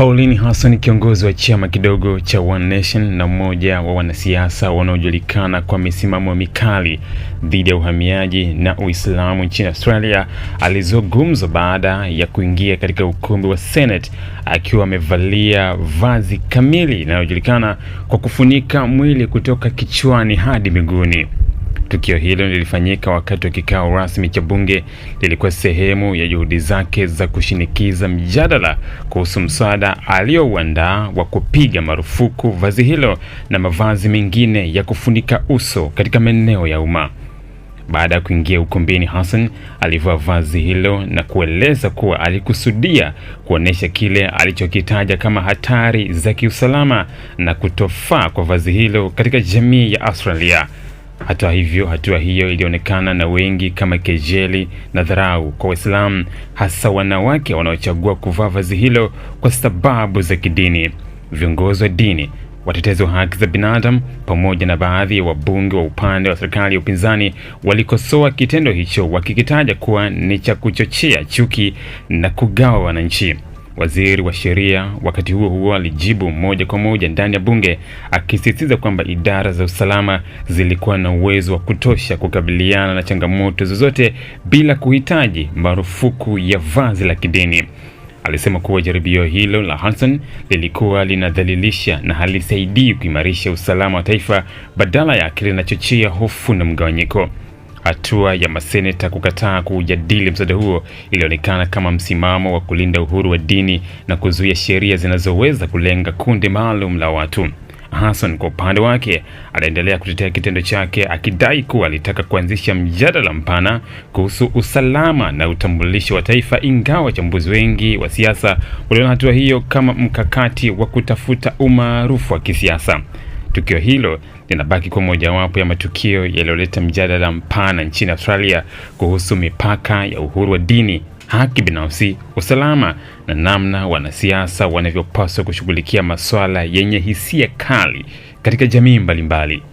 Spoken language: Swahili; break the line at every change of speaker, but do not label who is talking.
Pauline Hassan kiongozi wa chama kidogo cha One Nation na mmoja wa wanasiasa wanaojulikana kwa misimamo mikali dhidi ya uhamiaji na Uislamu nchini Australia alizua gumzo baada ya kuingia katika ukumbi wa Senate akiwa amevalia vazi kamili linalojulikana kwa kufunika mwili kutoka kichwani hadi miguuni. Tukio hilo lilifanyika wakati wa kikao rasmi cha bunge, lilikuwa sehemu ya juhudi zake za kushinikiza mjadala kuhusu mswada aliouandaa wa kupiga marufuku vazi hilo na mavazi mengine ya kufunika uso katika maeneo ya umma. Baada ya kuingia ukumbini, Hassan alivua vazi hilo na kueleza kuwa alikusudia kuonyesha kile alichokitaja kama hatari za kiusalama na kutofaa kwa vazi hilo katika jamii ya Australia. Hata hivyo, hatua hiyo ilionekana na wengi kama kejeli na dharau kwa Waislamu, hasa wanawake wanaochagua kuvaa vazi hilo kwa sababu za kidini. Viongozi wa dini, watetezi wa haki za binadamu, pamoja na baadhi ya wabunge wa upande wa serikali ya upinzani walikosoa kitendo hicho, wakikitaja kuwa ni cha kuchochea chuki na kugawa wananchi. Waziri wa sheria wakati huo huo alijibu moja kwa moja ndani ya bunge akisisitiza kwamba idara za usalama zilikuwa na uwezo wa kutosha kukabiliana na changamoto zozote bila kuhitaji marufuku ya vazi la kidini. Alisema kuwa jaribio hilo la Hanson lilikuwa linadhalilisha na halisaidii kuimarisha usalama wa taifa, badala yake linachochea hofu na mgawanyiko. Hatua ya maseneta kukataa kuujadili mswada huo ilionekana kama msimamo wa kulinda uhuru wa dini na kuzuia sheria zinazoweza kulenga kundi maalum la watu. Hassan kwa upande wake anaendelea kutetea kitendo chake akidai kuwa alitaka kuanzisha mjadala mpana kuhusu usalama na utambulisho wa taifa, ingawa wachambuzi wengi wa siasa waliona hatua hiyo kama mkakati wa kutafuta umaarufu wa kisiasa. Tukio hilo linabaki kuwa mojawapo ya matukio yaliyoleta mjadala mpana nchini Australia kuhusu mipaka ya uhuru wa dini, haki binafsi, usalama na namna wanasiasa wanavyopaswa kushughulikia masuala yenye hisia kali katika jamii mbalimbali mbali.